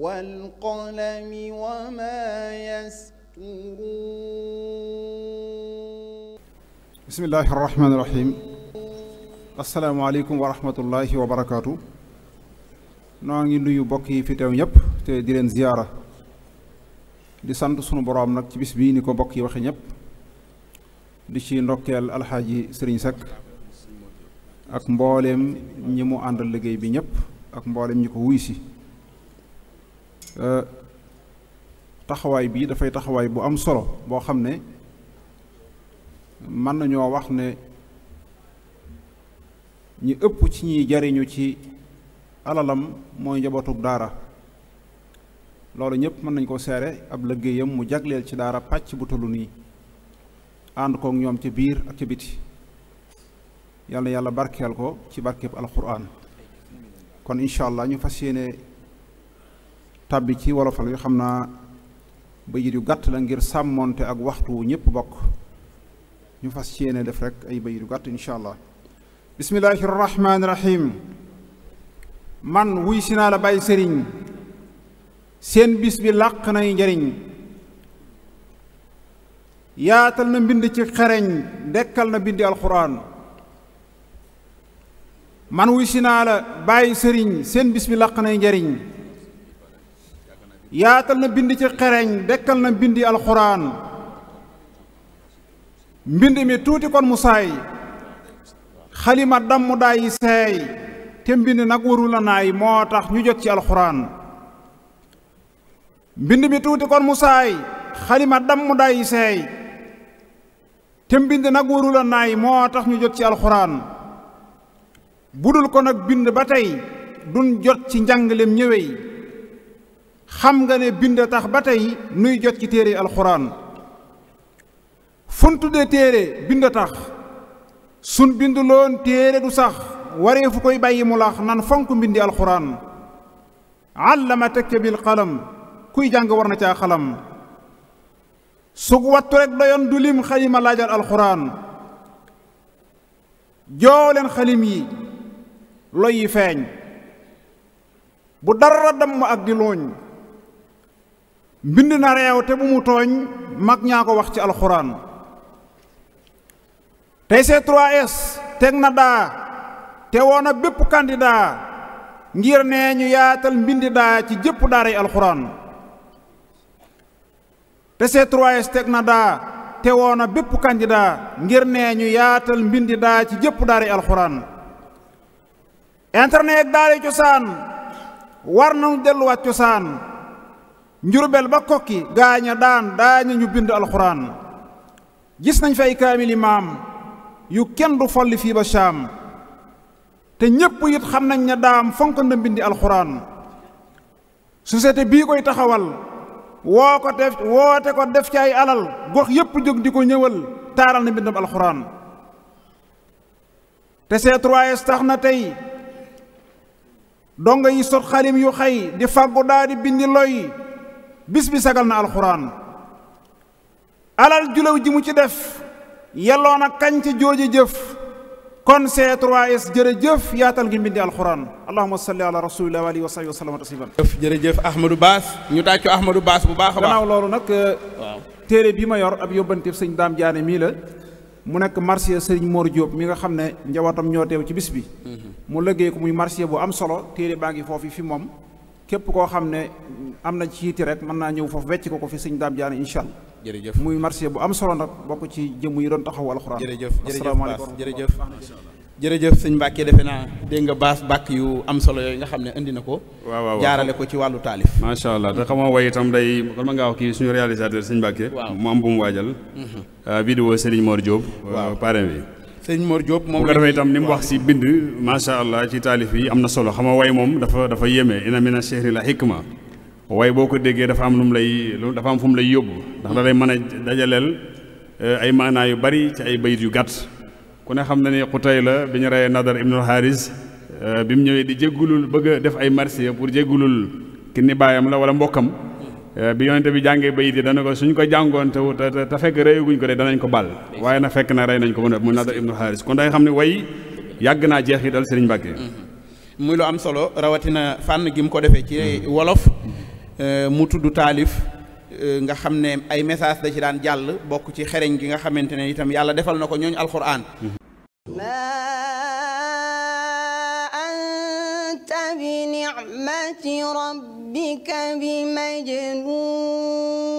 والقلم وما يسطرون بسم الله الرحمن الرحيم السلام عليكم ورحمة الله وبركاته noo ngi nuyu mbokk yi fi teew te di leen ziyaara di sant sunu boroom nag ci bis bii ni ko mbokk yi waxe ñëpp di ci ndokkeel alxaaji sëriñ Seck ak mbooleem ñi mu àndal liggéey bi ñëpp ak mbooleem ñi ko wuy si Euh, taxawaay bii dafay taxawaay bu am solo boo xam ne mën nañoo wax ne ñi ëpp ci ñiy jariñu ci alalam mooy njabootug daara loolu ñëpp mën nañ ko seere ab liggéeyam mu jagleel ci daara pàcc bu tollu nii ànd kook ñoom ca biir ak ca biti yàlla yàlla barkeel ko ci barkeb alquran kon incha allah ñu fas yéene tàbbi ci wolofal yi xam naa bayit yu gàtt la ngir sàmmoonte ak waxtu wu ñëpp bokk ñu fas yéene def rek ay bayit yu gàtt incha allah bismillahi rahmaani rahim man wuy si naa la bàyyi sëriñ seen bis bi làq nay njariñ yaatal na mbind ci xereñ dekkal na bindi alxuraan man wuy naa la bàyyi sëriñ seen bis bi làq nay njariñ yaatal na bind ci xereñ dekkal na bind mbindi alxuraan mbind mi tuuti kon mu saay xalima damm daay seey te mbind nag waru la naay moo tax ñu jot ci alxuraan mbind mi tuuti kon mu xalima damm daay yi seey te mbind nag waru la naay moo tax ñu jot ci alxuraan budul ko nag bind ba tey duñ jot ci njàngaleem ñëwey xam nga ne bind tax ba tey nuy jot ci téere alxuraan fun tuddee téere bind tax sun bind loon téere du sax waree fu koy bàyyi mu laax nan fonk mbindi alxuraan àllama tekk bil xalam kuy jàng war na caa xalam sug wattu rek doyoon du lim xalima laajal alxuraan joow leen xalim yi loy yi feeñ bu dara damm ak di looñ mbind na reew te bu mu tooñ mag ñaa ko wax ci alxuraan tey c 3 teg na daa te woona bépp candidat ngir ne ñu yaatal mbindi daa ci jëpp daaray alxuraan te c 3 teg na daa te woona bépp candidat ngir ne ñu yaatal mbindi daa ci jëpp daaray alxuraan internet daari cosaan war nañu delluwaat cosaan njurbel ba kokki gaaña daan daaña ñu bind alxuraan gis nañ fi ay kaamili maam yu kenn du folli fii ba saam te ñépp it xam nañ ne daam fonk na mbindi alxuraan société bii koy taxawal woo ko def woote ko def ci ay alal gox yépp jóg di ko ñëwal taaral na mbindam alxuraan te c 3 tax na tey donga yi sot xalim yu xay di fàggu daa di bindi loy bis bi sagal na alxuraan alal julew ji mu ci def yelloon a kañ ci jooje jëf kon c 3 jëf jërëjëf yaatal gi mbindi alxuraan allahuma salli ala rasulillah wa alihi wa sahbi wa sallam tasliman jërëjëf Ahmadou Baas ñu tàccu Ahmadou Baas bu baax a baax gannaaw loolu nag euh, téere bi ma yor ab yóbbante sëñ daam jaane mii la mu nekk marché sëriñ Mor Diop mi nga xam ne njabootam ñoo teew ci bis bi mhm. mu liggéey ko muy marché bu am solo téere baa ngi foofu fi moom képp koo xam ne am na ci yitte rek mën naa ñëw foofu wecc ko ko fi sëñ daam jaane incha allah muy marché bu am solo nag bokk ci jëmm yi doon taxaw alxuraan jërëjëf asalaamaaleykum jërëjëf jërëjëf sëñ Mbàkke defe naa dégg nga baas bàkk yu am solo yooyu nga xam ne indi na ko waaw waaw jaarale ko ci wàllu taalif macha allah te xamoo way itam day kon ma ngaa wax kii suñu réalisateur sëñ Mbàkke mu am bu mu waajal mhm. ah, vidéo Serigne Mor Diop parrain bi sëñ Mor Diop moom nga defee itam ni mu wax si bind macha allah ci taalif yi am na solo xam nga way moom dafa dafa yéeme ina mina shehri la hikma way boo ko déggee dafa am lu mu lay lu dafa am fu mu lay yóbbu ndax da lay mën a dajaleel eh, ay maanaa yu bari ci ay bayit yu gàtt ku ne xam na ni xutay la bi ñu reyee Nadar ibnul Haris eh, bi mu ñëwee di jéggulul bëgg a def ay marsiya pour jéggulul ki ni baayam la wala mbokkam Eh, bi yonente bi jàngee bayit yi dana ko suñ ko jàngoon te te te fekk réyaguñ ko de danañ ko bal waaye na fekk na rey nañ ko mën mu nadar ibnu xaaris kon day xam ne way yàgg naa jeex yi dal sëriñ Mbàkke mhm. muy lu am solo rawatina fànn gi mu ko defee ci mhm. wolof eh, mu tudd taalif eh, nga xam ne ay message da ci daan jàll bokk ci xereñ gi nga xamante ne itam yàlla defal na ko ñooñ alxuraan mhm. بنعمة ربك بمجنون